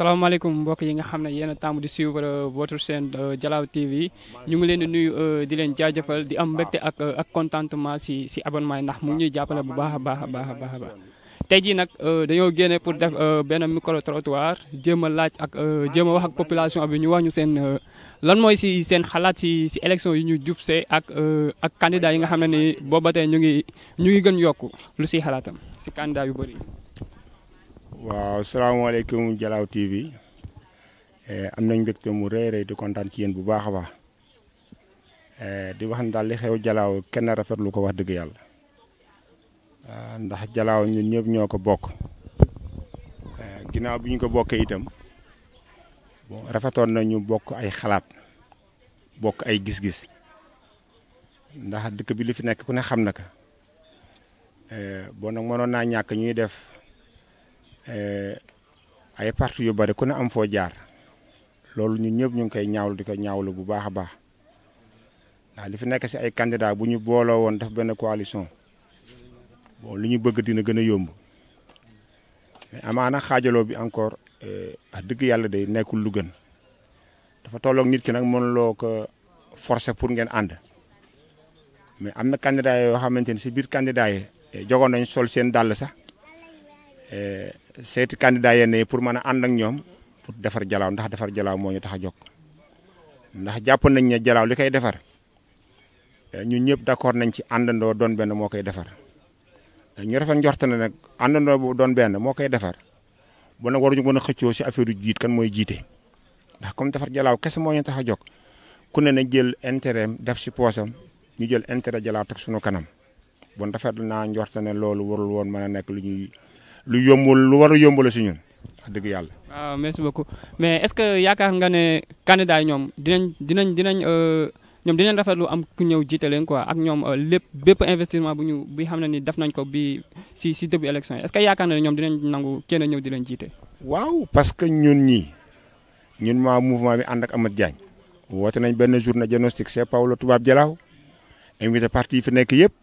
salaamaaleykum mbokk yi nga xam ne yéen a tàmm di suivre euh, votre chaîne Dialaw euh, TV ñu ngi leen di nuyu euh, di leen jaajëfal di am mbégte ak ak contentement si si abonnement yi ndax mu ngi ñuy jàppale bu baax a baax baax a baax tey jii nag dañoo génne pour def benn micro trottoir jéem a laaj ak jéem a wax ak population bi ñu wax ñu seen lan mooy si seen xalaat si si élection yi ñu jubsee ak ak candidat yi nga xam ne ni booba tey ñu ngi ñu ngi gën yokk lu siy xalaatam si candidat yu bëri. waaw salaamaaleykum jalau TV eh, am nañ mbégte mu rëy rëy di kontaan ci bu baax a baax eh, di wax ne daal li xew Dialaw kenn rafetlu ko wax dëgg yàlla eh, ndax Dialaw ñun ñëpp ñoo ko bokk ginnaaw bi ñu ko bokkee itam bon rafetoon na ñu bokk ay xalaat bokk ay gis-gis ndax dëkk bi li fi nekk ku ne xam na ka bon nag mënoon naa ñàkk ñuy def. Eh, ay parti yu bari ku ne am foo jaar loolu ñu ñëpp ñu ngi koy ñaawlu di ko ñaawlu bu baax a baax ndax li fi nekk si ay kandidaa bu ñu booloo woon def benn coalition bon lu ñu bëgg dina gën a yomb mais amaana xaajaloo bi encore eh, a dëgg yàlla day nekkul lu gën dafa tolloog nit ki nag mënuloo ko forcer pour ngeen ànd mais am na kandidaa yoo xamante ni si biir candidat yi eh, jogoon nañ sol seen dàll sax seeti candidat yenn yi pour mën a ànd ak ñoom pour defar jalaaw ndax defar jalaaw moo ñu tax a jokk ndax jàpp nañ ne jalaaw li koy defar ñun ñëpp d'accord nañ ci àndandoo doon benn moo koy defar ñu rafet njort na nag àndandoo bu doon benn moo koy defar bu nag waruñu mën a xëccoo si affaire yu jiit kan mooy jiite ndax comme defar jalaaw kese moo ñu tax a jokk ku ne na jël intérêt def si poosam ñu jël intérêt jalaaw teg kanam bon rafet naa njort ne loolu warul woon mën a nekk lu ñuy. lu yombul lu war a si ñun wax dëgg yàlla. waaw ah, merci beaucoup mais est-ce que yaakaar nga ne candidat ñoom dinañ dinañ dinañ euh, ñoom dinañ rafetlu am ku ñëw jiite leen quoi ak ñoom euh, lépp bépp investissement bu ñu bi xam ne ni def nañ ko bi si si début élection yi est que yaakaar na ne ñoom dinañ nangu kenn ñëw dinañ jiite. waaw parce que ñun ñii ñun ma mouvement bi ànd ak Amath Diagne woote nañ benn journée diagnostic c'est Paolo Toubab Dialaw invité parti yi fu nekk yëpp.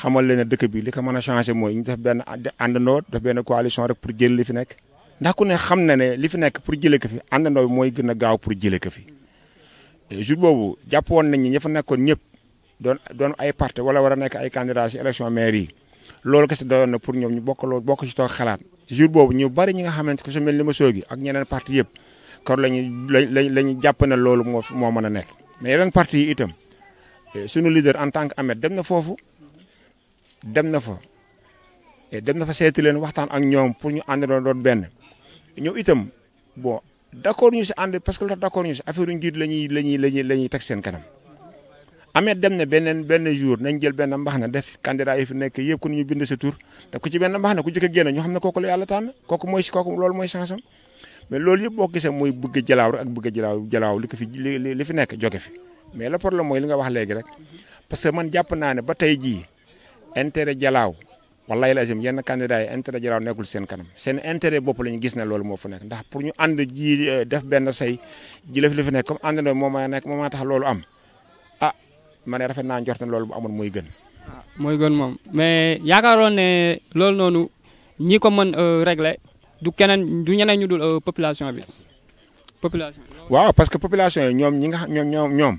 xamal leen ne dëkk bi li ko mën a changé mooy ñu def benn àndandoo def benn coalition rek pour jël li fi nekk ndax ku ne xam na ne li fi nekk pour jëlee ko fi àndandoo bi mooy gën a gaaw pour jëlee ko fi jour boobu jàppoon nañ ñi ña fa nekkoon ñëpp doon doon ay parti wala war a nekk ay candidats si élection maire yi loolu kese doyoon na pour ñoom ñu bokk loolu bokk ci toog xalaat jour boobu ñu bari ñi nga xam ne ku si mel ni ma soogi ak ñeneen parti yëpp kor lañu lañ la ñu jàpp ne loolu moo moo mën a nekk mais yeneen parti yi itam eh, sunu leader en tant que Ameth dem na foofu dem na fa dem na fa seeti len waxtaan ak ñoom pour ñu àndandoo doon benn ñëw itam bon d' accord ñu si ànd parce que lu tax d' accord ñu si affaire njiit la ñuy la ñuy la ñuy la ñuy teg seen kanam amee dem na beneen benn jour nañ jël benn mbax na def candidat yi fi nekk yëpp ku ñu bind sa tur def ko ci benn mbax na ku jëkk a génn ñu xam ne kooku la yàlla tànn kooku mooy kooku loolu mooy chance am mais loolu yëpp boo gisee mooy bëgg jalaaw rek ak bëgg jalaaw jalaaw li ko fi li li fi nekk jóge fi mais le problème mooy li nga wax léegi rek parce que man jàpp naa ne ba tey jii intérêt jalaaw wallahi lazim yenn candidat yi intérêt jalaaw nekkul seen kanam seen intérêt bopp lañu gis ne loolu moo fa nekk ndax pour ñu ànd ji euh, def benn say ji la fi nekk comme ànd na moo ma nekk moo ma tax loolu am ah ma ne rafet naa njort na loolu bu amoon mooy gën ah, mooy gën moom mais yaakaaroon ne loolu noonu ñi ko mën euh, régler du keneen du ñeneen ñu dul euh, population bi population waaw parce que population yi ñoom ñi nga ñoom ñoom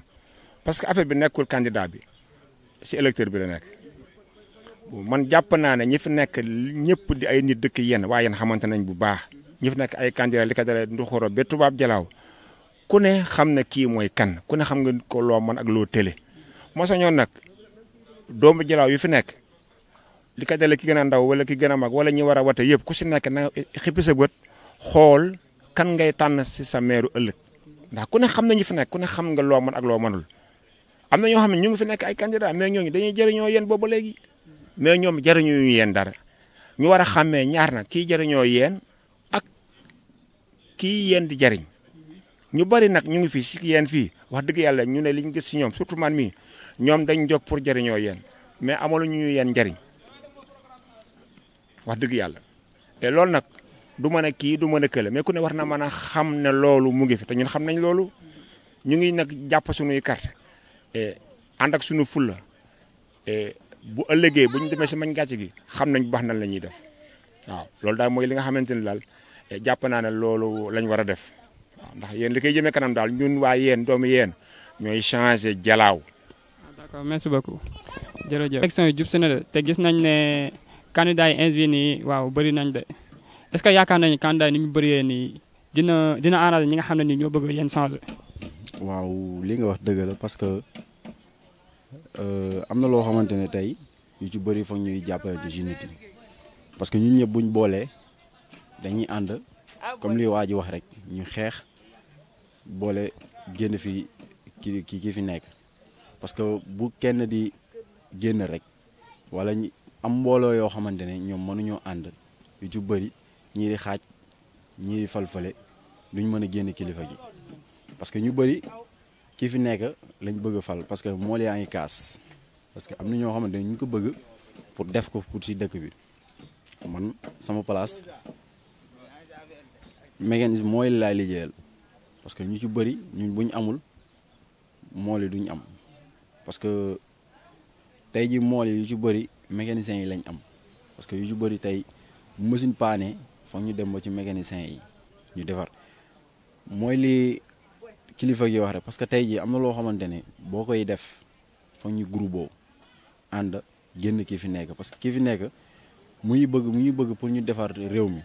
parce que affaire bi nekkul candidat bi si électeur bi la nekk man jàpp naa ne ñi fi nekk ñëpp di ay nit dëkk yéen waaye yéen xamante nañ bu baax ñi fi nekk ay candidat li ko dalee nduxoro ba tubaab jalaaw ku ne xam na kii mooy kan ku ne xam nga ko loo mën ak loo tële mosañoon nag doomu jalaaw yu fi nekk li ko dalee ki gën a ndaw wala ki gën a mag wala ñi war a wate yëpp ku si nekk na xippi sa xool kan ngay tànn si sa meeru ëllëg ndax ku ne xam nañu fi nekk ne xam nga loo mën ak loo mënul ñoo ñu ngi fi nekk ay boobu léegi mais ñoom jariñu yeen dara ñu war a xàmmee ñaar nag kii jariñoo yeen ak ki yeen di jariñ ñu bari nak ñu ngi fi si yeen fii wax dëgg yàlla ñu ne liñ gis si ñoom surtout man mi ñoom dañ jóg pour jariñoo yeen mais amalu ñu yeen njariñ wax dëgg yàlla et loolu nak du mën ki kii du mën a kële mais ku ne war na mën xam ne loolu mu ngi fi te ñun xam nañ loolu ñu ngi nag jàpp suñuy carte et ànd ak suñu fulla et bu ëllëgee bu ñu demee si mañ gàcce gi xam nañ bu baax nan la ñuy def waaw loolu daal mooy li nga xamante ni daal eh, jàpp naa ne loolu lañ war a def waaw ndax yéen li koy jëmee kanam daal ñun waa yéen doomu yéen ñooy changé jalaaw. Ah, d'accord merci jërëjëf. élection yi jub si na te gis nañ ne candidat yi inscrits waaw bëri nañ de est que yaakaar nañu candidat yi ni mu bëree nii dina dina arrangé ñi nga xam ne nii ñoo bëgg yéen changé. waaw li nga wax dëgg la parce que. Euh, am na loo xamante ne tey yu ci bëri foog ñuy jàppalante ci nit yi parce que ñun ñëpp buñ boolee dañuy ànd comme li waa ji wax rek ñu xeex boole génn fi ki ki fi nekk parce que bu kenn di génn rek wala ñu am mbooloo yoo xamante ne ñoom mënuñoo ànd yu ci bëri ñii di xaaj ñii di falfale duñ mën a génn kilifa gi parce ñu bëri ki fi nekk lañ bëgg fal parce que mool yaa ngi kaas parce que am na ñoo xamante ne ñu ko bëgg pour def ko pour si dëkk bi man sama place mécanisme mooy laay liggéeyal parce que ñu ci bëri ñu bu ñu amul mool yi duñ am parce que tey ji mool yi yu ci bëri mécaniciens yi lañ am parce que yu ci bëri tey machine paane foog ñu dem ba ci mécaniciens yi ñu defar mooy li kilifa gi wax rek parce que tey jii am na loo xamante ne boo koy def foog ñu groupe ànd génn ki fi nekk parce que ki fi nekk mu bëgg mu ngi bëgg pour ñu defar réew mi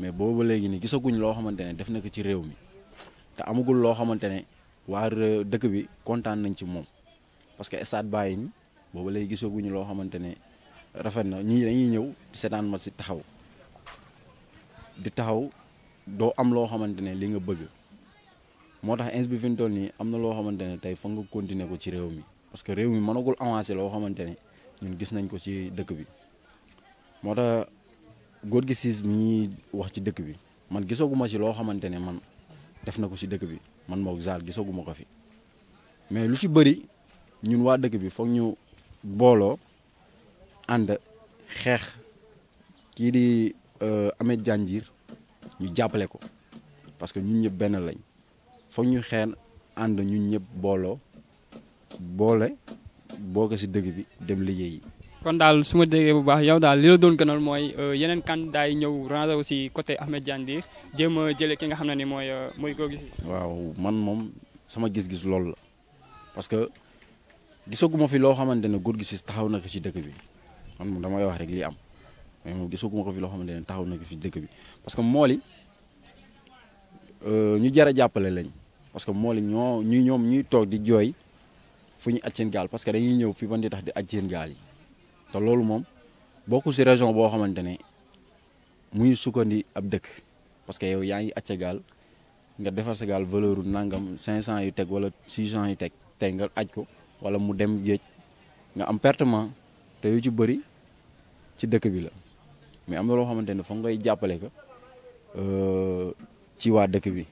mais booba léegi ni gisaguñ loo xamante ne def na ko ci réew mi te amagul loo xamante ne waa dëkk bi kontaan nañ ci moom parce que stade bàyyi ni booba léegi gisaguñu loo xamante ne rafet na ñii dañuy ñëw di seetaan mat si taxaw di taxaw doo am loo xamante ne li nga bëgg moo tax ins bi fintool nii am na loo xamante ne tey fa nga continuer ko ci réew mi parce que réew mi mënagul avancer loo xamante ne ñun gis nañ ko ci dëkk bi moo tax góor gi siis mi ñuy wax ci dëkk bi man gisaguma ci loo xamante ne man def na ko ci dëkk bi man moo zaal gisaguma ko fi mais lu ci bëri ñun waa dëkk bi foog ñu booloo ànd xeex kii di euh, Ameth Dianjir ñu jàppale ko parce que ñun ñëpp benn lañ Fonyu ñu and ñun ñëpp bolo bolé boo ci dëgg bi dem liggéey yi kon dal suma ma bu baax yow dal li la doon gënal moy euh, yenen candidat yi ñëw aussi côté Ahmed Diagne jëm jëlé ki nga xamné ni moy euh, moy ko gis waaw man mom sama gis-gis lool la parce que gisoguma fi lo xamantene goor góor ci taxaw na ci dëgg bi man moom wax rek li am mais mo gisoguma ko fi lo xamantene taxaw na ko fi bi parce que moli euh ñu jara jappalé lañu parce que moo li ñoo ñu ñoom ñuy toog di jooy fu ñu aj seen gaal parce que dañuy ñëw fi ban di tax di aj seen gaal yi te loolu moom bokk si région boo xamante ne muy sukkandi ab dëkk parce que yow yaa ngi aj sa gaal nga defar sa gaal valeur nangam cinq 500 yu teg wala 600 yu teg tey nga aj ko wala mu dem géej nga am pertement te yu ci bëri ci dëkk bi la mais am na loo xamante ne foog ngay jàppale ko euh, ci waa dëkk bi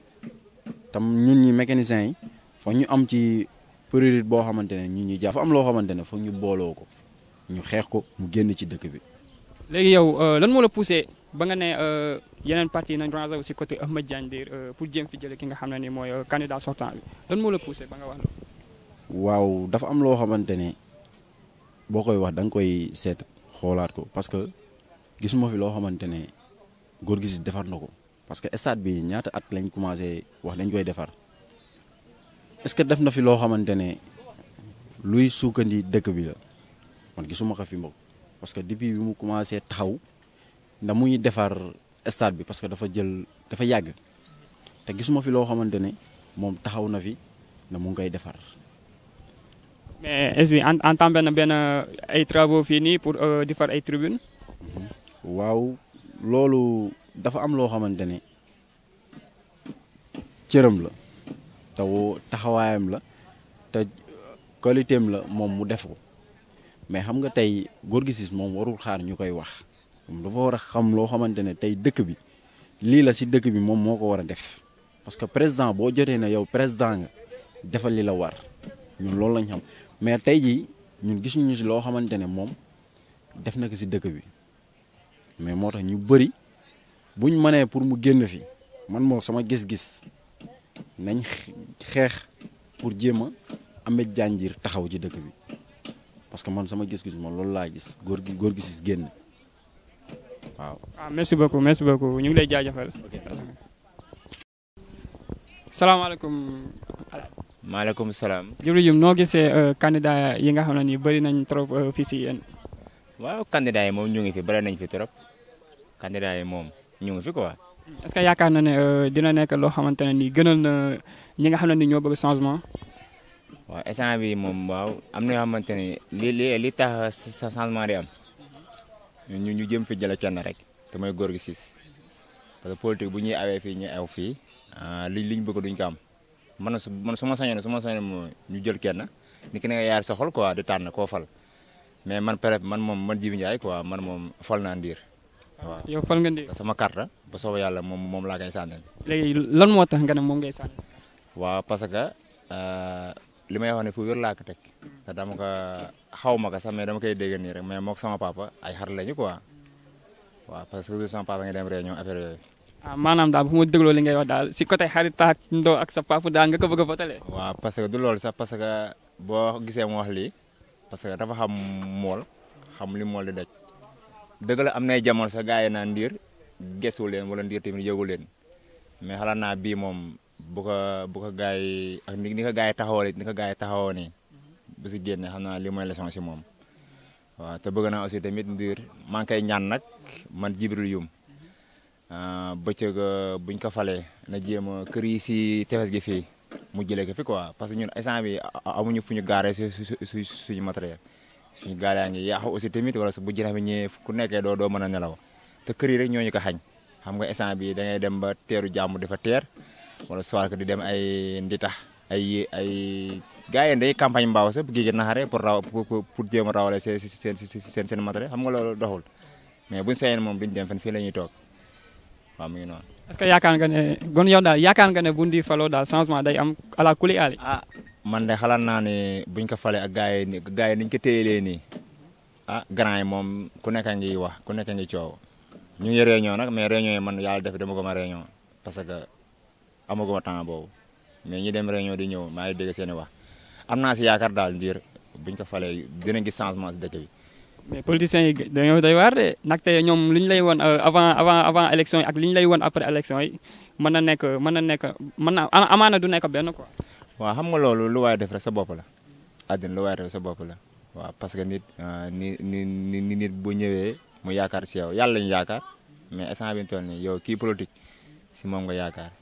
tam ñun ñi mécaniciens yi foog ñu am ci priorité boo xamante ne ñun ñuy jàpp fa am loo xamante ne foog ñu booloo ko ñu xeex ko mu génn ci dëkk bi. léegi yow euh, lan moo la poussé ba nga ne euh, yeneen parti nañ rangé aussi côté Ahmed Diagne Dir euh, pour jéem fi jële ki nga xam ne ni mooy candidat sortant bi lan moo la poussé ba nga wax loolu. waaw dafa am loo xamante ne boo koy wax da nga koy seet xoolaat ko parce que gisuma fi loo xamante ne góor gi si defar na ko. parce que stade bi ñaata at lañ commencé wax wah koy défar est-ce que def na fi lo xamantene luy soukandi dëkk bi la man gisuma ko fi mbokk parce que depuis bi mu commencé taw na muy défar stade bi parce que dafa jël dafa yàgg té gisuma fi lo xamantene mom taxaw na fi na mu ngay défar mais est-ce na ay travaux fini pour euh, di far ay tribune waaw lolo. dafa am loo xamante ne cëram la te taxawaayam la te qualité am la moom mu def ko mais xam nga tey Gorgui Ciss moom warul xaar ñu koy wax moom dafa war a xam loo xamante ne tey dëkk bi lii la si dëkk bi moom moo ko war a def parce que président boo jotee ne yow président nga defal li la war ñun loolu lañ xam mais tey jii ñun gis ñu si loo xamante ne moom def na ko si dëkk bi mais moo tax ñu bëri. buñ mënee pour mu génn fi man moo sama gis-gis nañ xeex pour jéem a Ameth Dianjir taxaw ci dëkk bi parce que man sama gis-gis moom loolu laa gis góor gi góor gi si génn waaw. waaw ah, merci beaucoup merci beaucoup ñu ngi lay jaajëfal. salaamaaleykum. maaleykum salaam. jërëjëf noo gisee euh, candidat yi nga xam ne nii nañ trop euh, fii si yéen. waaw candidat yi moom ñu ngi fi bëri nañ fi trop candidat yi moom. ñu ngi fi quoi. est que yaakaar na ne euh, dina nekk loo xamante ne nii gënal na ñi nga xam ne ni ñoo bëgg changement. waaw instant bi moom waaw am na yoo xamante ne li li li tax sa changement di am ñu ñu jëm fi jële kenn rek te mooy góor parce que politique bu ñuy awee fii ñu aw fii ah, liñ liñ bëgg duñ ko am man su man su ma sañoon su ma sañoon mooy ñu jël kenn ni ki nga yaar sa xol quoi di tànn koo fal mais man peut man moom man Jibi Ndiaye quoi man moom fal naa ndiir. waaw yow fal nga ndéeg sama carte ba soo yàlla moom moom laa koy sànnil léegi lan moo tax nga ne moom ngay sànni waaw parce que euh, li may wax ne fu wér laa ko teg te dama ko xaw ma ko sax mais dama koy dégg nii rek mais mook sama papa ay xar lañu quoi waaw parce que sama papa nga dem réunion ah, maanaam daal bu ma dégloo li ngay wax daal si côté xaritaak ndoo ak sa papa daal nga ko bëgg a batale waaw parce que du loolu sax parce que boo gisee mu wax lii parce que dafa xam mool xam li mool di daj dëgg la am nay jamono sa gars yi naan ndiir gesu leen wala ndiir tamit yëgu leen mais xalaat naa bii moom bu ko bu ko gars yi ak ni ko gars yi taxawoo ni ko gars yi taxawoo nii bu si génne xam naa li mooy leçon si moom waaw te bëgg naa aussi tamit ndiir maa ngi koy ñaan nag man jibril yum ah, bëccëg buñ ko falee na jéem a kër yi si tefes gi fii mu jëlee ko fi quoi parce que ñun instant bi amuñu fu ñu gaaree su suñu matériel suñu gaal yaa ngi yaaxu aussi tamit wala su bu jëlee xam ku nekké do do mëna nelaw te kër yi rek ñoñu ko xañ xam nga essence bi da ngay dem ba téru jaamu difa téer wala soir ko di dem ay nditax ay ay gaay yi day campagne mbaaw sa bu géej naxare ya, pour raw pour jëm rawalé sen sen sen seen matériel xam nga lolu doxul mais buñ sañoon mom biñ dem fan fi lañuy tok toog waaw mi ngi est ce que yakkan nga ne gon yow dal yakkan nga ne bu ndi faloo daal changement day am ala kuli ali. ah man de xalaat naa ne buñ ko falee ak gars yi gars yi niñ ko téyelee nii ah grand yi moom ku nekk a ngi wax ku nekk a ngi coow ñu ngi réunion nag mais réunion yi man yàlla def dama goma réunion parce que amaguma temps boobu mais ñu dem réunion di ñëw maa ngi dégg seen wax am naa si yaakaar daal ndiir buñ ko falee dinañ gis changement si dëkk bi. mais politiciens yi dañoo doy waar de nag tey ñoom li ñu lay woon euh, avant avant avant élection yi ak li ñu lay woon après élection yi mën na nekk mën na nekk mën na amaana du nekk benn quoi. waaw xam nga loolu lu waay def rek sa bopp la àddina lu waay def sa bopp la waaw parce que nit euh, ni ni ni nit bu ñëwee mu yaakaar si yow yàlla lañu yaakaar mais instant bi ñu toll kii politique si moom yaakaar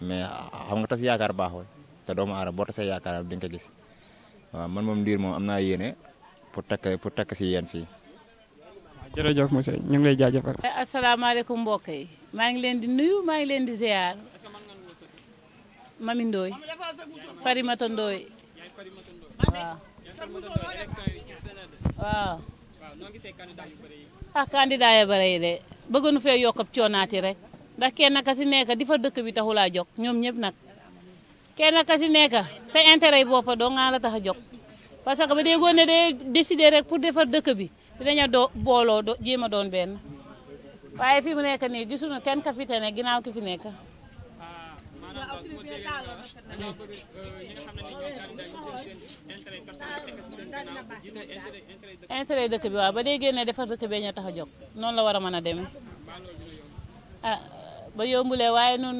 mais ah, xam nga tas yaakaar baaxul te doomu aadama boo tasee yaakaar di nga ko gis waaw man moom Ndir moom am naa yéene pour takk pour takk si yéen fii. jërëjëf monsieur ñu ngi lay jaajëfal. asalaamaaleykum maa ngi leen di nuyu maa ngi leen di ziar. Mami Ndoye Farimata Ndoye waaw waaw ah candidat bare yi de bëggoonu fee yokk ab coonaati rek ndax kenn ka si nekk di fa dëkk bi taxulaa jog ñoom ñëpp nag kenn ka si nekk sa intérêt yi boppa doo nga la tax a jog parce que ba déggoo ne day décider rek pour defar dëkk bi dinaña doo booloo jéem a doon benn waaye fi mu nekk nii gisuñu kenn ka fi te ne ginnaaw ki fi nekk intérêt dëkk bi waaw ba dee génnee defar dëkk bee ñu tax a jóg noonu la war a mën a demee a ah, ba yombulee waaye nun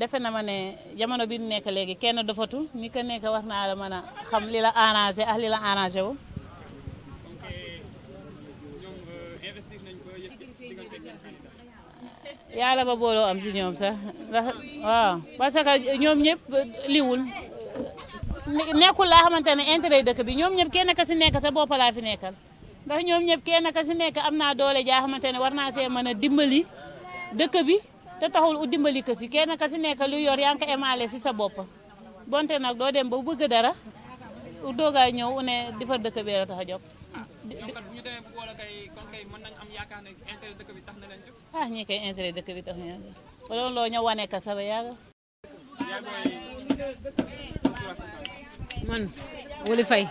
defe na ma ne jamono bi nekk léegi kenn dofatu ni ko nekk war naa la mën a xam li la arrangé ak li la arrangé wu yàlla ba booloo am si ñoom sax waaw parce que ñoom ñëpp liwul nekkul laa xamante ne intérêt dëkk bi ñoom ñëpp kenn ka si nekk sa bopp laa fi nekkal ndax ñoom ñëpp kenn ka si nekk am na doole jaa xamante ne war naa see mën na dimbali dëkk bi te taxul u dimbali ko si kenn ka si nekk lu yor yaa ngi si sa bopp bonte nag doo dem ba bëgg dara u doog a ñëw u ne di dëkk tax a jóg ah, citoyen kay kon intérêt dëkk bi tax na ah ñi kay intérêt dëkk bi tax na wala loo ña wane ka man woli fay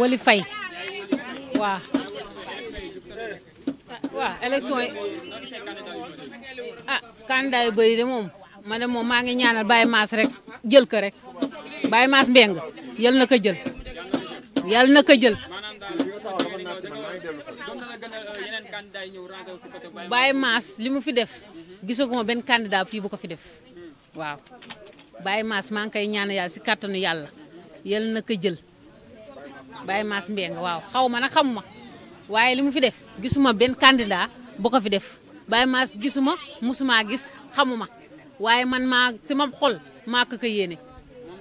woli fay waa élection ah candidat yu bëri de moom ma ne moom ngi ñaanal Baye Mass rek jël ko rek Baye Mass Mbeng na ko jël yàlla na ko jël Baye Mass li mu fi def gisaguma benn candidat fii bu ko fi def waaw Baye Mass maa ngi koy ñaan yàlla si kàttanu yàlla yàlla na ko jël Baye Mass Mbengue waaw xaw ma nag xamuma waaye fi def gisuma ben candidat bu ko fi def Mass gisuma musuma gis xamuma waaye man maa si ma xol maa ko ko yéene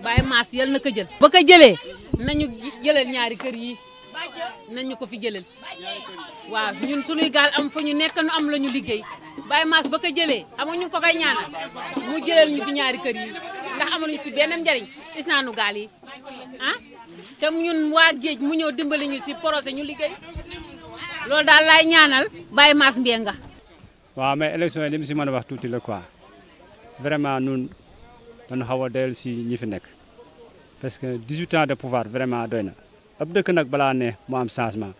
Baye Mass yàlla na ko jël ba ko nañu jëlal ñaari kër yi ñu ko fi jëlal waaw ñun suñuy gaal am fa ñu nekk nu am la ñu liggéey Baye Mass ba ko jëlee amuñu ko koy ñaanal mu jëlal ñu fi ñaari kër yi ndax amuñu fi benn njariñ gis naa nu gaal yi ah te ñun waa géej mu ñëw dimbali ñu si projet ñu liggéey loolu daal laay ñaanal Baye Mass Mbengue waaw mais élection yi li mu si mën wax tuuti la quoi vraiment ñun dañu xaw a doyal si ñi fi nekk parce que 18 ans de pouvoir vraiment doy na ab dëkk nag balaa ne mu am changement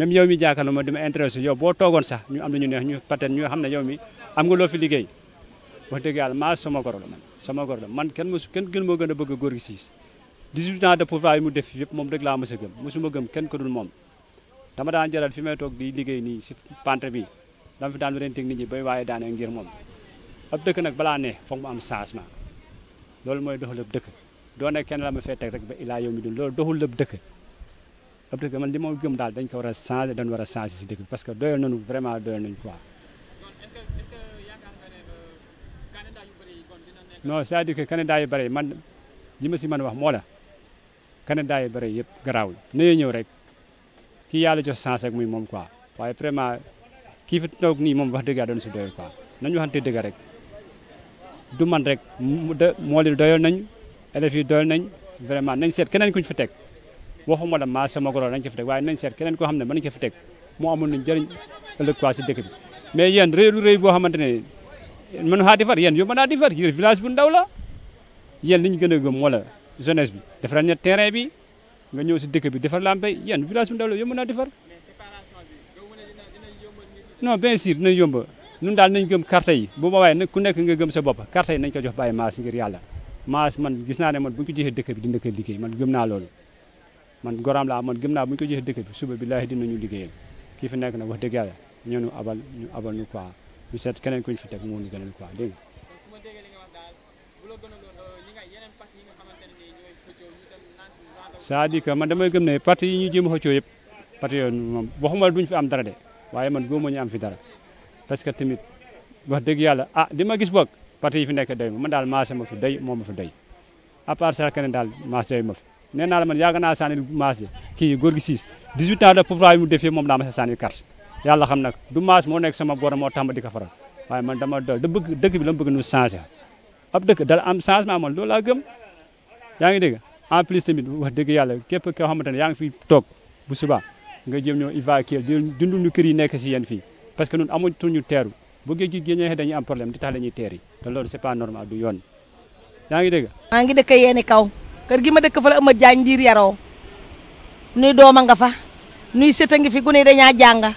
même yow mi jàkkaarloo ma di ma intéressé yow boo toogoon sax ñu am lu ñu neex ñu peut-être ñu xam ne yow mi am nga loo fi liggéey wax dëgg yàlla maa sama goro la sama goro la man kenn mosu kenn gën moo gën a bëgg góor gi siis 18 ans de pouvoir yi mu def yëpp moom rek laa mos a gëm mosuma kenn ko dul moom dama daan jaral fi may toog di liggéey nii si pantre bi dama fi waaye daanee ngir moom ab dëkk nag balaa ne foog mu am changement loolu mooy doxalab dëkk doo ne kenn la ma fee rek ba ilaa yow mi dun loolu doxul lëb dëkk ab dëkk man di ma gëm daal dañ ko war a dañ war a changé si dëkk parce que doyal nañu vraiment doyal nañu quoi non c'est-à-dire que candidat yu bëri man li ma si mën wax moola la candidat yu bëri yëpp garaawul nañu ñëw rek kii yàlla jox chance ak muy moom quoi waaye vraiment kii fi toog nii moom wax dëgg yàlla doon si doyal quoi nañu waxante dëgg rek du man rek moo leen doyal nañu élèves yi dool nañ vraiment nañ seet keneen ku ñu fa teg waxuma la maa sama goro nañ ko fa teg waaye nañ seet keneen koo xam ne mën nañ ko fa teg moo amul nañ jëriñ ëllëg quoi si dëkk bi mais yéen réew lu réew boo xamante ne mën xaa defar yéen yóbbu naa defar yéen village bu ndaw la yéen li ñu gën a gëm wala jeunesse bi defaral terrain bi nga ñëw si dëkk bi defar lampe yéen village bu ndaw la yóbbu naa defar non bien sûr dinañ yomb ñun daal nañ gëm carte yi bu ma waaye nag ku nekk nga gëm sa bopp carte yi nañ ko jox bàyyi maas ngir yàlla maa man gis naa ne man bu ñu ko joxee dëkk bi dina ko liggéey man gëm naa loolu man goram laa man gëm naa bu ñu ko joxee dëkk bi suba billaahi dinañu liggéeyal ki fi nekk nag wax dëgg yàlla ñu abal ñu abal ñu quoi ñu seet keneen ku ñu fi teg moo ñu gënal quoi dégg euh, c'est-à-dire que man gëm ne parti yi ñuy jéem a xëccoo yëpp parti yooyu moom waxuma duñ fi am dara de waaye man góoma ñu am fi dara parce que tamit wax dëgg yàlla ah di ma gis boog parti yi fi nekk doy ma man daal ma fi doy moo ma fi doy à part ça keneen daal marché doy ma fi nee naa la man yàgg naa sànni marché kii góor gi siis 18 ans de pouvoir yi mu defee moom daa ma sa sànni carte la xam nag du marché moo nekk sama góor moo tax ma di ko faral waaye man ma doy da bëgg dëkk bi la mu bëgg nu changé ab dëkk da am changement ma loolu laa gëm yaa ngi dégg en plus tamit wax dëgg yàlla képp koo xamante ne yaa ngi fi toog bu subaa nga jëm ñoo évacuer dundunu kër yi nekk si yéen fii parce que ñun amatuñu teeru bu géej gi génnee dañuy am problème di tax la ñuy té loolu c'est pas normal du yoon ya ngi dégg. ma ngi dëkk yeeni kaw kër gi ma dëkk fa la ëmma jaañ ndiir yaroo nuy dooma nga fa nuy sëta ngi fi gune dañu jànga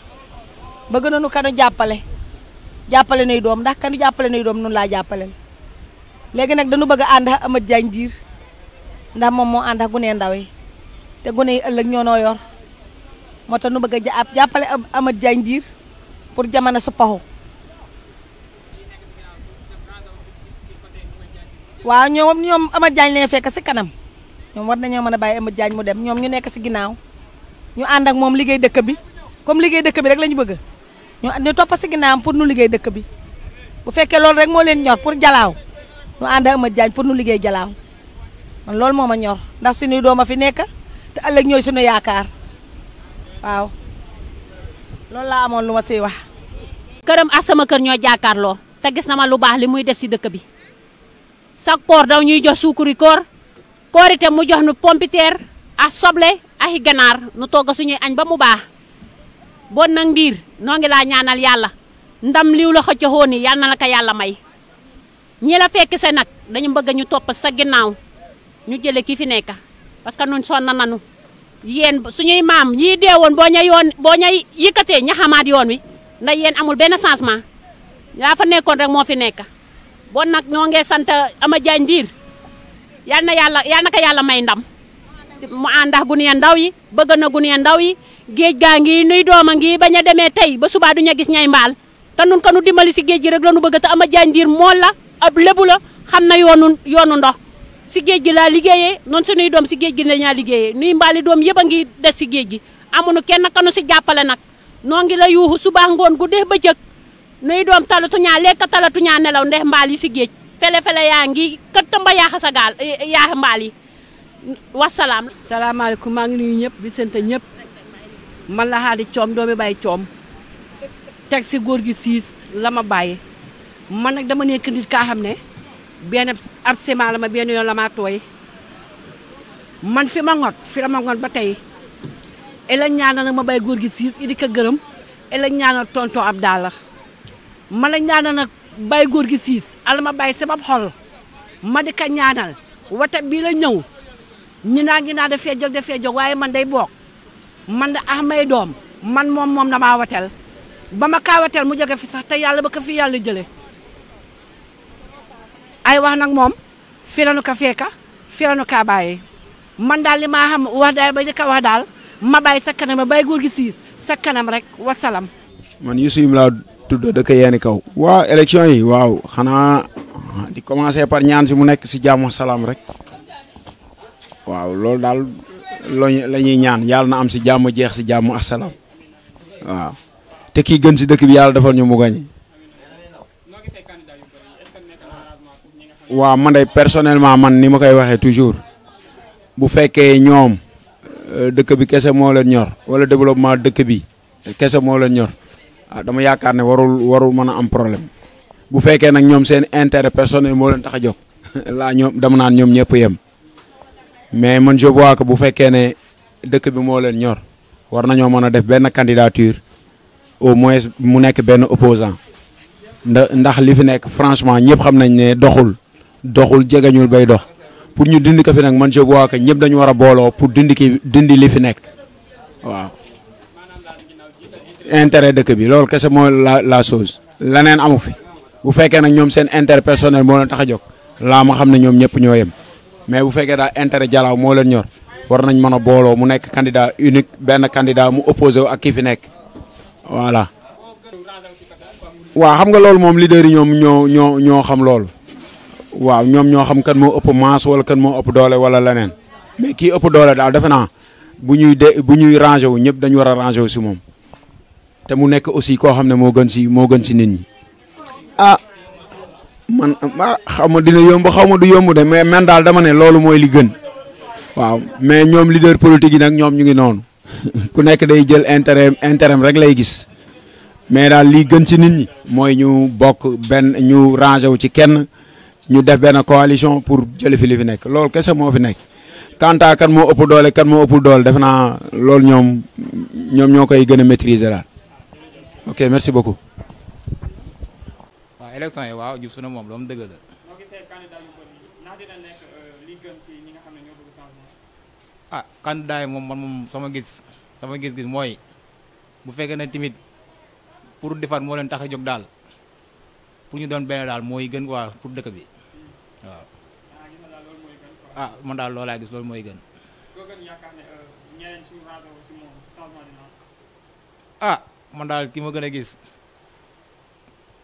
ba gëna nu kanu jàppale jàppale nuy doom ndax kanu jàppale nuy doom nu la jàppale légui nak dañu bëgg and ak Amat ndax mom mo and ak gune ndaw yi té gune yi yor mo tax bëgg jàppale Amat pour jamana su pahu waaw ñoom ñoom ama Diagne lañu fekk ci kanam ñoom war nañu mëna baye ama Amath mu dem ñoom ñu nekk ci ginaaw ñu and ak mom liggéey dekk bi comme liggéey dekk bi rek lañu bëgg ñu ñu top ci ginaam pour ñu liggéey dekk bi bu fekke lool rek mo leen ñor pour jalaaw ñu and ak ama Diagne pour ñu liggéey jalaaw man lool nyom ñor ndax suñu doom a fi nekk te ëlëk ñoy suñu yaakar waaw lool la amon luma ma wax. kërëm asama kër ñoo jaakarlo te gis na ma lu baax li muy def si dekk bi. sa koor daw ñuy jox suukuri koor koorite mu jox nu pompiteer ak soble ak i ganaar nu togg suñuy añ ba mu baax bon nag ndiir noo ngi ñaanal yàlla ndam liw la xëcc xoon yi yàlla na la ko yàlla may ñi la fekk se nag dañu bëgg ñu topp sa ginnaaw ñu jële ki fi nekk parce que nun sonn nanu yéen suñuy maam yii deewoon boo ña yoon boo ña yëkkatee ña yoon wi ndax yeen amul benn changement yaa fa nekkoon rek moo fi nekk bon nag ñoo ngee sant Ama Diagne Dir yal na yàlla yal na ko yàlla may ndam mu àndax gune ya ndaw yi bëgg na gune ya ndaw yi géej gaa ngi nuy doom a ngi bañ a demee tey ba subaa duñu gis ñay mbaal te nun kanu dimbali si géej gi rek lanu bëgg te Ama Diagne Dir mool la ab lébu la xam na yoonu yoonu ndox si géej gi laa liggéeyee noonu suñuy doom si géej gi la ñaa liggéeyee nuy mbaali doom yëpp a ngi des si géej gi amuñu kenn kanu si jàppale nag noo ngi la yuuxu subaa ngoon gu dee nuy doom talatuñaa lekk talatuñaa nelaw ndex mbaal yi si géej fele fele yaa ngi këttamba yaaxa sa gaal eh, eh, yaaxa mbaal yi wasalaam salaamaaleykum maa ngi nuyu ñëpp bi sant ñëpp man la xaadi coom doomi bàyyi coom teg si góor gi siis la ma bàyyi man nag dama nekk nit kaa xam ne benn ab la ma benn yoon la maa tooy man fi ma ngot fi la ma ngot ba tey ela ñaanal ma bàyyi góor gi siis idi ka gërëm ela ñaanal tonton ab ma la ñaanal nag bàyyi góor gi siis ala ma bàyyi sama xol ma di ka ñaanal wata bii la ñëw ñi naa ngi naa dafee jóg dafee waaye man day boog man da ah may doom man moom moom na damaa wateel ba ma kaa watel mu jóge fi sax te yàlla ba ko fi yàlla jële ay wax nag moom fi la nu ka feeka fi nu kaa bàyyi man daal li maa xam wax daal ba di ka wax daal ma bàyyi sa kanam ma góor gi siis sa kanam rek wasalam man Youssou Imla tuddo da ko kaw wa election yi waaw xana di commencer par ñaan si mu nek si jamm salam rek waaw lol dal lo ñaan yalla na am si jamm jeex si jamm assalam. waaw te ki gën ci dëkk bi yalla dafa ñu mu gañ waaw man day personnellement man ni ma koy waxe toujours bu fekke ñom euh, dëkk bi kese mo leen ñor wala développement dëkk bi kese mo leen ñor dama yaakaar ne warul warul mën a am problème bu fekkee nag ñoom seen intérêt personnel moo leen tax a jóg laa ñoom dama naan ñoom ñëpp yem mais man je vois que bu fekkee ne dëkk bi moo leen ñor war nañoo mën a def benn candidature au moins mu nekk benn opposant ndax li fi nekk franchement ñëpp xam nañ ne doxul doxul jegeñul bay dox pour ñu dindi ko fi nag man je vois que ñëpp dañu war a booloo pour dindi ki dindi li fi nekk waaw intérêt dëkk bi loolu kese mooy la la chose leneen amu fi bu fekkee nag ñoom seen intérêt personnel moo leen tax a jog laa ma xam ne ñoom ñëpp ñoo yem mais bu fekkee daal intérêt jalaaw moo leen ñor war nañ mën a booloo mu nekk candidat unique benn candidat mu opposé wu ak ki fi nekk voilà. waa xam nga loolu moom leader yi ñoom ñoo ñoo ñoo xam lool waaw ñoom ñoo xam kan moo ëpp masse wala kan moo ëpp doole wala leneen mais kii ëpp doole daal defe naa bu ñuy de bu ñuy rangé wu ñëpp dañu war a rangé wu si moom. te mu nekk aussi koo xam ne moo gën si moo gën si nit ñi ah man ah xaw ma dina yomb xaw ma du yomb de mais man daal dama ne loolu mooy li gën waaw mais ñoom leader politique yi nag ñoom ñu ngi noonu ku nekk day jël intérêt intérêt rek lay gis mais daal lii gën si nit ñi mooy ñu bokk benn ñu rangé wu ci kenn ñu def benn coalition pour jële fi li fi nekk loolu kese moo fi nekk kanta kan moo ëpp doole kan moo ëppul doole def naa loolu ñoom ñoom ñoo koy gën a maîtriser daal ok merci beaucoup. waaw yi waaw jub su na moom loolu dëgg la. Euh, ah candidat moom man moom sama gis sama gis-gis mooy bu fekkee ne timit pour defar moo leen tax a jóg daal pour ñu doon benn daal mooy gën quoi pour dëkk bi waaw. ah, ah man daal loolaa gis loolu mooy gën. Euh, ah. man daal ki ma gën a gis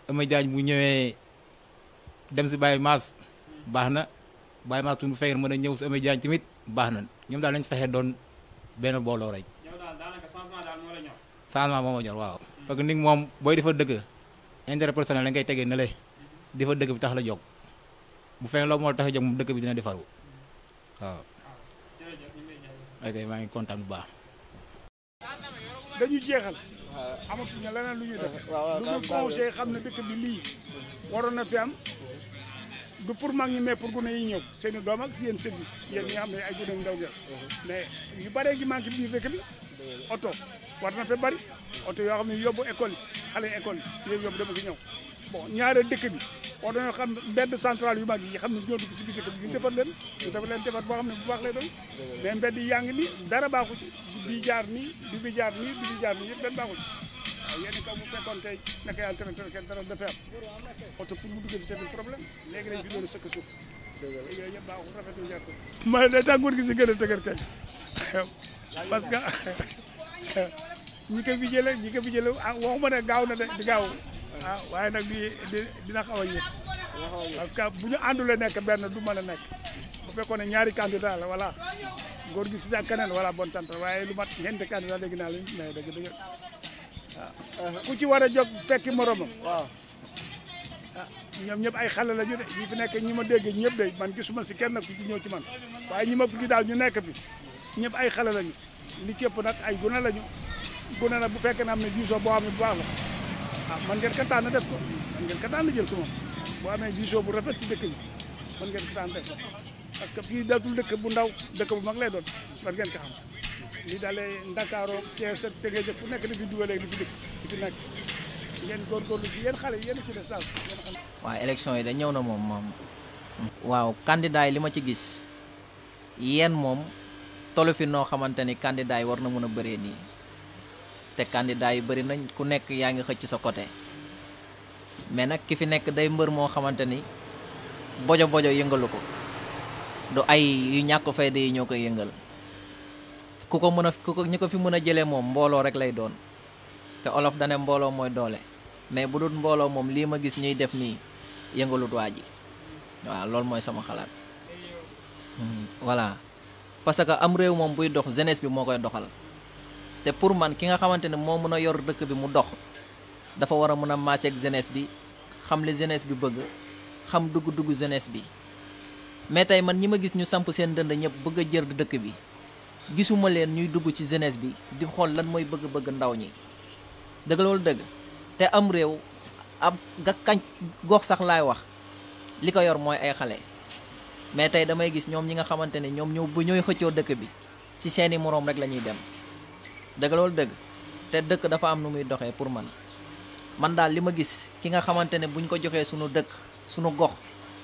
damay jaañ bu ñëwee dem si Baye Mass baax na Baye Mass suñu fekk mën a ñëw si amee jaañ tamit baax na ñoom daal nañu fexe doon benn booloo rek. ñoom daal daanaka ñor. waaw. parce que nit moom booy defar dëkk intérêt personnel la ngay tegee ne di fa dëkk bi tax la jóg bu fekkee loolu moo tax a jóg moom dëkk bi dina defaru waaw. maa ngi kontaan bu baax. dañu jeexal. amatuñu leneen lu ñuy def. waaw lu ñu conseillé xam ne dëkk bi lii waroon na fi am. du pour mag ñi mais pour gune yi ñëw seen i doom ak yéen sëñ bi yéen xam ne ay gune ndaw ngeen mais yu bëree gi manqué biir dëkk bi oto war na fa bëri oto yoo xam ne yóbbu école yi xale école yi yéen yóbbu dama fi ñëw bon ñaare dëkk bi war nañoo xam mbedd central yu mag yi xam ne ñoo dugg si biir dëkk bi ñu defar leen ñu defar leen defar boo xam ne bu baax lay doon mais mbedd yi dara baaxu ci bii jaar nii bi bi jaar nii bi bi jaar nii yëpp benn baaxul waaw yéen kaw bu fekkoon tey naka yàlla traité dara defar oto pour duggee ci seen léegi lañ fi doon sëkk suuf léegi yooyu yëpp tàngoor gi si gën a tëgër kay parce que ñi ko fi jële ñi ko jële ah waxuma ne gaaw na de di gaaw ah waaye nag di dina xaw a yëg parce que bu ñu àndulee nekk benn du mën a nekk bu fekkoon ne ñaari candidat la voilà góor gi si sa kaneen wala bon waaye lu mat ñeenti kan sax léegi naa leen mais dëgg dëgg ku ci war a jóg fekki moromam waaw ah ñoom ñëpp ay xale la ñu de ñi fi nekk ñi ma dégg ñëpp de man gisuma si kenn ku ci ñëw ci man waaye ñi ma fi daal ñu nekk fi ñëpp ay xale lañu li ci nag ay gune lañu gune la bu fekkee ne am na diisoo boo xam ne bu baax la ah, man ngeen ka tànn def ko man ngeen ka tànn jël ko moom boo amee diisoo bu rafet ci dëkk bi man ngeen ka tànn def parce que fi datul deuk bu ndaw deuk bu mag lay doon war ngeen ko xam li dalee Ndakaaroo Kees tege Tëngéej fu nek li fi duwelé li fi dik di fi nekk ngeen góorgóorlu ci yeen xalé yeen ci des sax wa élection yi da ñëw na mom mom waaw candidat yi lima ci gis yeen mom tolu fi no xamanteni candidat yi war na mëna bëré ni té candidat yi bëri nañ ku nekk yaa xëc ci sa côté mais nak ki fi nek day mbeur mo xamanteni bojo bojo yëngalu do ay yu ñàkk fay de ñoko yëngal kuko mëna kuko ñiko fi mëna jëlé mom mbolo rek lay doon te olof dane mbolo moy doolé mais bu dut mbolo mom li ma gis ñuy def ni yëngalut waa wa lool moy sama xalaat hmm, voilà parce que am rew mom buy dox jeunesse bi moo koy doxal te pour man ki nga xamante mo mëna yor dëkk bi mu dox dafa wara mëna mën ak jeunesse bi xam li jeunesse bi bëgg xam dugg-dugg jeunesse bi mais tay man ñima gis ñu samp seen dënd ñëpp bëgg jër dëkk bi gisuma leen ñuy dugg ci jeunesse bi di xol lan moy bëgg-bëgg ndaw ñi dëgg lool dëgg te am réew ab ga kañ gox sax lay wax liko yor moy ay xalé mais tay damay gis ñom ñi nga xamantene ne ñoo bu ñoy xëccoo dëkk bi ci seeni morom rek lañuy dem dëgg lool dëgg té dëkk dafa am nu muy doxé pour man man daal lima gis ki nga xamantene buñ ko joxé suñu dëkk suñu gox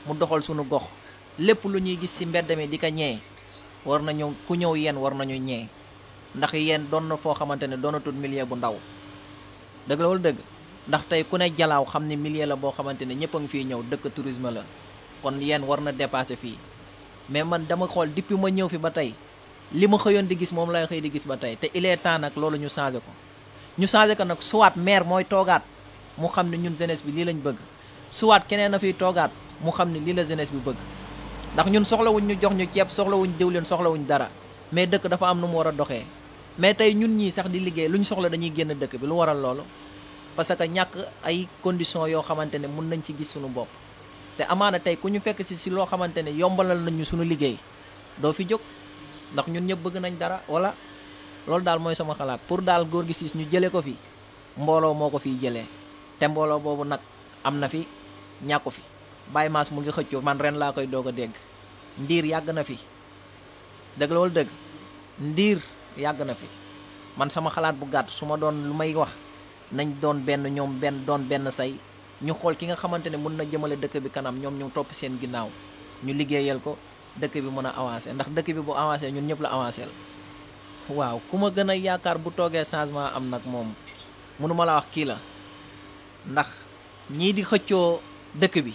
mu doxal suñu gox lépp lu ñuy gis ci mbedd mi di ko ñee war nañu ku ñëw yéen war nañu ñee ndax yéen doon na foo xamante ne doonatul milieu bu ndaw dëgg la wala dëgg ndax tey ku ne jalaaw xam ne milieu la boo xamante ne ñëpp a ngi fiy ñëw dëkk tourisme la kon yéen war na dépasser fii mais man dama xool depuis ma ñëw fi ba tey li ma xëyoon di gis moom lay xëy di gis ba tey te il est temps nag loolu ñu changé ko ñu changé ko nag suwaat maire mooy toogaat mu xam ne ñun jeunesse bi lii lañ bëgg soit keneen fiy toogaat mu xam ne lii la jeunesse bi ndax ñun soxlawuñ ñu jox ñu ceeb soxlawuñ diwlin soxlawuñ dara mais dëkk dafa am nu mu war a doxee mais tey ñun ñii sax di liggéey luñ soxla dañuy génn dëkk bi lu waral loolu parce que ñàkk ay conditions yoo xamante ne mun nañ ci gis suñu bopp te amaana tey ku ñu fekk si si loo xamante ne yombalal nañu suñu liggéey doo fi jóg ndax ñun ñëpp bëgg nañ dara wala loolu daal mooy sama xalaat pour daal góor gi siis ñu jëlee ko fi mbooloo moo ko fiy jëlee te mbooloo boobu nag am na fi ñàkku fi bay mas mu ngi xëccu man ren la koy doga deg ndir yag na fi deg lol deg ndir yag na fi man sama xalaat bu gatt suma ma doon lu may wax nañ doon ben ñom ben doon ben say ñu xol ki nga xamantene mën na jëmele dëkk bi kanam ñom ñu top seen ginnaw ñu liggéeyal ko dëkk bi mëna avancer ndax dëkk bi bu avancer ñun ñëpp la avancer waaw kuma gëna yaakar bu changement am nak mom, mënuma la wax ki la ndax ñi di xëccoo dëkk bi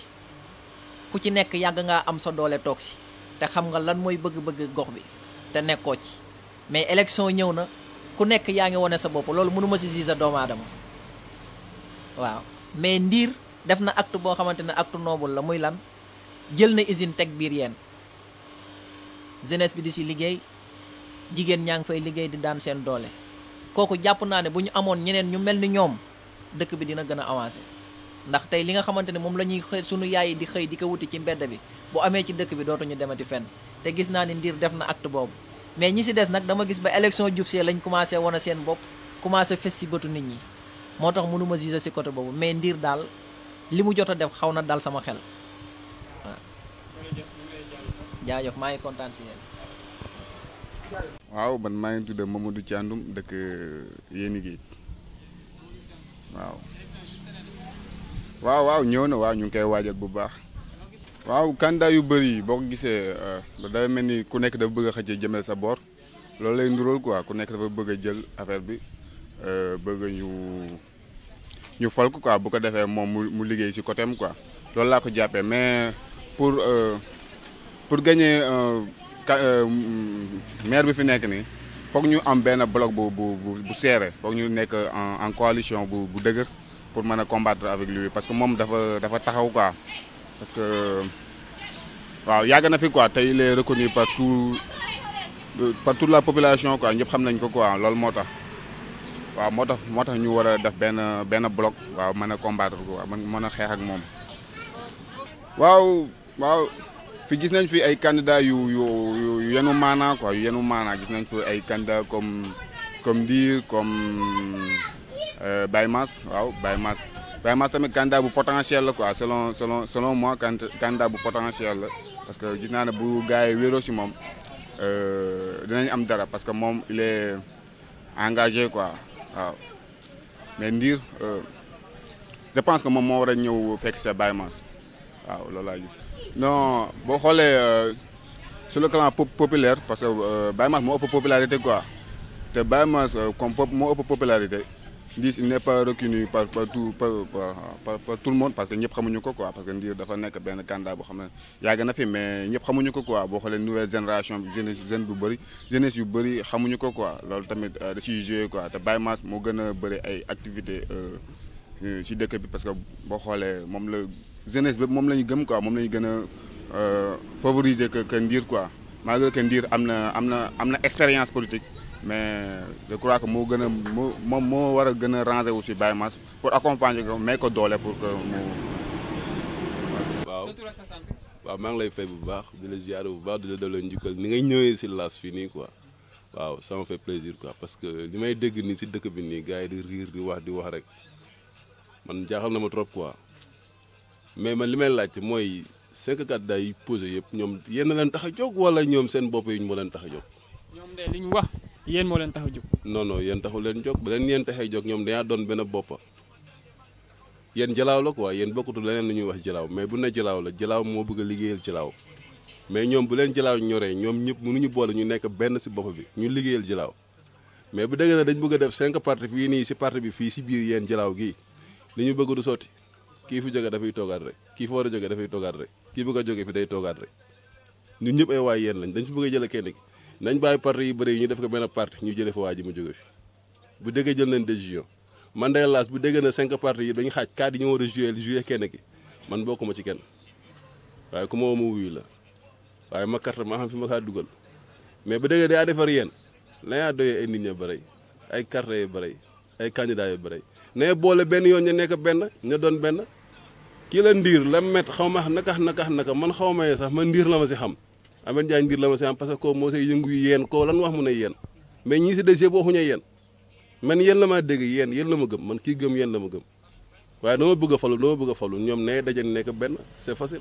ku ci nekk yàgg ngaa am sa doole toog si te xam nga lan mooy bëgg-bëgg gox bi te nekkoo ci mais élection ñëw na ku nekk yaa ngi wane sa bopp loolu mënu ma si gis doomu aadama waaw mais ndiir def na acte boo xamante ne acte noble la muy lan jël na usine teg biir yeen jeunesse bi di si liggéey jigéen ñaa ngi fay liggéey di daan seen doole kooku jàpp naa ne bu ñu amoon ñeneen ñu mel ni ñoom dëkk bi dina gën a avancé ndax tey li nga xamante ne moom la ñuy xëy suñu yaay di xëy di ko wuti ci mbedd bi bu amee ci dëkk bi dootuñu demati fenn te gis naa ni Ndiir def na acte boobu mais ñi si des nag dama gis ba élection jub see lañ commencé wane seen bopp commencé fes si bëtu nit ñi moo tax mënuma ma gise si côté boobu mais Ndiir daal li mu jot a def xaw na daal sama xel waaw. jaajëf maa ngi kontaan si yéen. waaw man maa ngi tudd Mamadou Thiandoum dëkk euh, Yéni Géej waaw. waaw waaw ñëw na waaw ñu ngi koy waajal bu baax waaw candidat yu bëri yi boo gisee euh, dafa mel ni ku nekk dafa bëgg a xëcc jëmel sa boor loolu lay ndural quoi ku nekk dafa bëgg a jël affaire bi euh, bëgg ñu ñu fal ko quoi bu ko defee moom mu mu liggéey si côté am quoi loolu laa ko jàppee mais pour euh, pour gagner maire bi fi nekk nii foog ñu am benn bloc bu bu bu seere foog ñu nekk en coalition bu bu dëgër. pour me combattre avec lui parce que moi je dafa taxaw quoi parce que waaw y quoi il est reconnu par tout par toute la population quoi il xam ko quoi tout moo bloc waaw combattre quoi man mën a ak moom fi gis nañ fi ay yu yu yenu quoi yenu gis nañ fi comme comme dire comme euh, Baye Mass waaw Baye Mass Baye candidat bu potentiel quoi selon selon selon moi candidat bu potentiel parce que gis naa ne bu gars yi wéeroo si Euh, dinañ am dara parce que mon il est engagé quoi waaw mais euh, je pense que mon mon war a fait fekk c'est Baye Mass waaw non bon, euh, sur le clan populaire parce que euh, Baye Mass moo ëpp popularité quoi C'est Baye Mass euh, comme pop moo popularité Ndiss il n'est pas reconnu par par tout par par par tout le monde parce que ñëpp xamuñu ko quoi parce que Ndiss dafa nek ben candidat bo xamné yag na fi mais ñëpp xamuñu ko quoi bo xolé nouvelle génération jeunesse jeune bu bari jeunesse yu bari xamuñu ko quoi loolu tamit euh, da ci jouer quoi te Baye Mass mo gëna a bëri ay activités euh, euh, ci dëkk bi parce que bo xolé mom la jeunesse bi mom lañu gëm quoi mom lañu gëna euh favoriser que que Ndiir quoi malgré que Ndiir amna amna amna expérience politique. mais je crois que moo gën a moo moo war a gën a ranger wu si Baye Mass pour accompagner ko may ko doole pour que mu. waaw waaw maa ngi lay fay bu baax di la ziare bu baax di la delloo njukkal ni ngay ñëwee si las fii nii quoi waaw ça me fait plaisir quoi parce que li may dégg nii si dëkk bi nii gars yi di riir di wax di wax rek man jaaxal na ma trop quoi mais man li may laajte mooy cinq candidats yi posé yëpp ñoom yéen leen tax a jóg wala ñoom seen bopp yi ñu moo leen tax a jóg. yéen moo leen tax a jóg. non yéen taxu leen jóg ba leen yéen taxee jóg ñoom dañaa doon benn bopp yéen jalaaw la waa yéen bokkutul leneen lu ñuy wax jalaaw mais bu ne jalaaw la jalaaw moo bëgg a liggéeyal jalaaw mais ñoom bu leen jalaaw ñoree ñoom ñëpp mënuñu boole ñu nekk benn si bopp bi ñu liggéeyal jalaaw mais bu dëgg na dañ bëgg a def cinq parti fii nii si parti bi fii si biir yéen jalaaw gii li ñu bëgg du sotti kii fu jóge dafay toogaat rek kii fu war a jóge dafay toogaat rek kii bëgg a fi day toogaat rek ñun ñëpp ay waay yéen lañ dañ fi bëgg a jële kenn nañ bàyyi parti yi bëri yi ñu def ko benn parti ñu jëlee fa waa ji mu jóge fi bu déggee jël nañ décision man de laas bu déggee na cinq parti yi dañu xaaj quatre yi ñu war a joué joué kenn ki man bokkuma ci kenn waaye ku ma woo wuyu la waaye ma carte maa xam fi ma kaa dugal mais bu déggee daa defar yéen lañaa doyee ay nit ña bëri ay carte yu bëri ay candidat yu bëri ne boole benn yoon ña nekk benn ña doon benn kii la ndiir la met xaw ma nakax nakax naka man xaw ma sax man ndiir la ma si xam Amet Ndiaye ngir la ma si am parce que moo say yëngu yéen koo lan wax mu ne yéen mais ñii si DG boo waxuñu yéen man yéen la maa dégg yéen yéen la ma gëm man kii gëm yéen la ma gëm waaye dama bëgg a falu dama bëgg a falu ñoom nee daje nekk benn c'est facile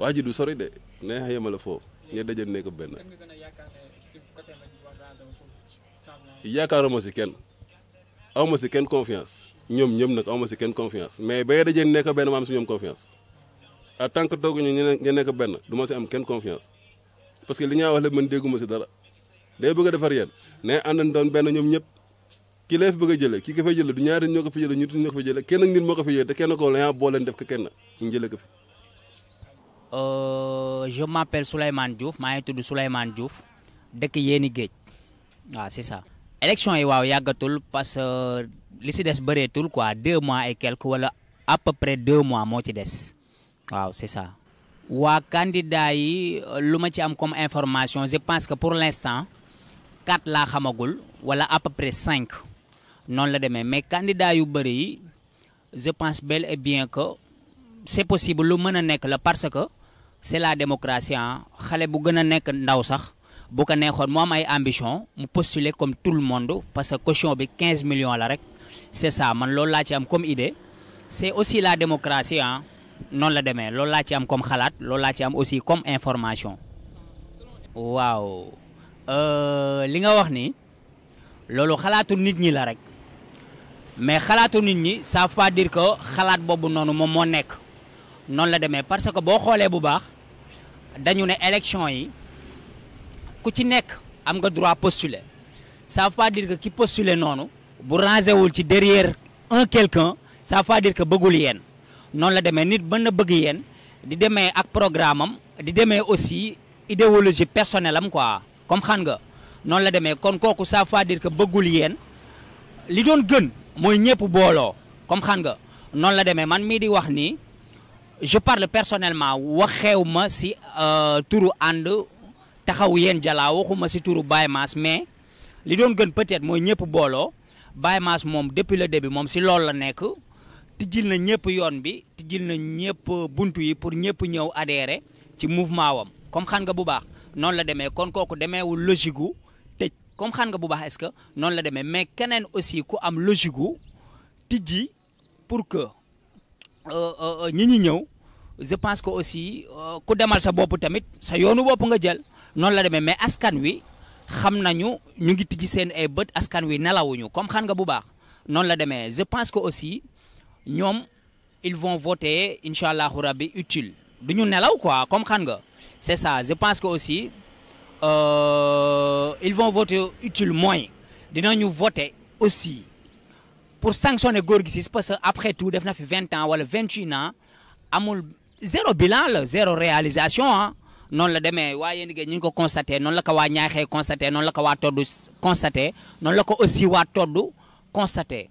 wax ji du sori de neex la foofu ñee daje nekk benn yaakaaruma si kenn awma si kenn confiance ñoom ñoom nag awma si kenn confiance mais bay daje nekk benn ma am si ñoom confiance en tant que toog ñu nekk benn du ma si am kenn confiance parce que li ñaa wax la man dégguma si dara day bëgg a defar yeen ne and doon benn ñoom ñëpp ki lay fi bëgg a ki ka fa jële du ñaari ñoko ko fa jële ñu tuñ ñoo ko fa jële kenn ak nit moko ko fa jële te kenn ko la ah bo leen def ko kenn ñu jële ko fi euh je m'appelle Souleymane Diouf ma ngi tuddu Souleymane Diouf dëkk yéeni geej wa c'est ça élection yi waaw yàggatul parce que euh, li si des bëreetul quoi deux mois et quelques wala à peu près deux mois moo ci des waaw c'est ça wa candidat yi ci am comme information je pense que pour l'instant quatre la xamagul wala à peu près 5. non la mais candidat yu bari je pense bel et bien que c'est possible lu meuna parce que c'est la démocratie hein. xalé bu gëna nek ndaw sax bu ko ambition mu postuler comme tout le monde parce que caution bi 15 millions la rek c'est ça man comme idée c'est aussi la démocratie hein. Non la demain, lola laa ci am comme khalat lola laa ci am aussi comme information euh li nga wax ni lolu khalatou nit ñi la rek mais khalatou nit ñi ça veut pas dire que khalat bobu nonu mom mo nek non la demee parce que bo xolé bu baax dañu né élection yi ku ci nek am nga droit postuler ça veut pas dire que ki postuler nonu bu rangé wul ci derrière un quelqu'un ça veut pas dire que bëggul yéen non la demee nit mën na bëgg yeen di démé ak programme am di démé aussi idéologie personnelle am quoi comme xan nga non la démé kon koku ça veut dire que bëggul yeen li doon gën moy ñepp bolo comme xan nga non la démé man mi di wax ni je parle personnellement waxewuma ma si euh, turu andu taxaw yeen jala waxuma si turu Baye mas mais li doon gën peut-être moy ñepp bolo Baye mas mom depuis le début mom si lool la nekk tijjil na ñëpp yoon bi tijjil na ñëpp buntu yi pour ñëpp ñëw adhéré ci mouvement wam comme xam bu baax noonu la demee kon kooku demeewul logique gu tëj comme xam bu baax est que noonu la demee mais keneen aussi ku am logique gu pour que euh, euh, euh, ñi ñi ñëw je pense que aussi ku demal sa bopp tamit sa yoonu bopp nga jël noonu la demee mais askan wi xam nañu ñu ngi tijji seen ay bët askan wi nelawuñu comme xam nga bu baax noonu la demee je pense que aussi. ils vont voter inshallah utile duñu nelaw quoi comme c'est ça je pense que aussi euh, ils vont voter utile Ils dinañu voter aussi pour sanctionner Gorgis parce que après tout def y fi 20 ans ou 28 ans zéro bilan zéro réalisation nous hein. noonu la demee y yéen ñu ko constaté noonu la ko wa constaté nous la ko constaté non la ko aussi wa constaté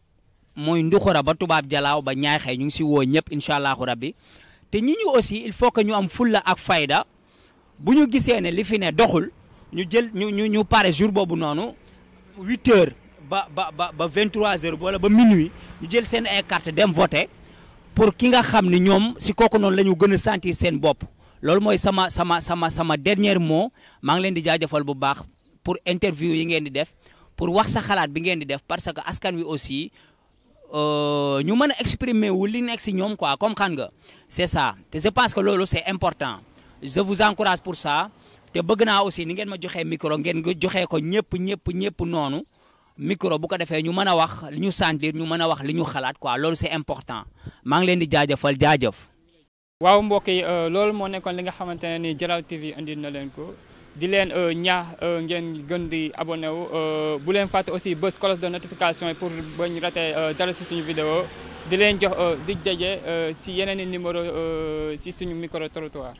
mooy nduxura ba tubaab jalaaw ba ñaay ñu ngi si woo ñëpp incha allahu rabbi te ñi ñu aussi il faut que ñu am fulla ak fayda bu ñu gisee ne li fi ne doxul ñu jël ñu ñu ñu pare jour boobu noonu huit ba ba ba ba vingt trois wala ba minuit ñu jël seen ay carte dem voter pour ki nga xam ni ñoom si kooku noonu la ñu gën a sentir seen bopp loolu mooy sama sama sama sama dernier mot maa ngi leen di jaajëfal bu baax pour interview yi ngeen di def pour wax sa xalaat bi ngeen di def parce que askan wi aussi Euh, ñu mën a exprimer wu li nekk si ñoom quoi comme xam nga c'est ça te je pense que loolu c'est important je vous encourage pour ça te bëgg naa aussi ni ngeen ma joxee micro ngeen joxee ko ñëpp ñëpp ñëpp noonu micro bu ko defee ñu mën a wax li ñu sentir ñu mën a wax li ñu xalat quoi loolu c'est important maa ngi leen di jaajëfal jaajëf. waaw mbokk euh, loolu moo nekkoon li nga xamante ne nii TV indi na leen ko. di leen euh, ñaax euh, ngeen gën di abonné wu euh, bu leen fàtte aussi bës cloche de notification yi pour bañ rate dara si suñu vidéo di leen jox di daje si yeneen i numéro si suñu micro trottoir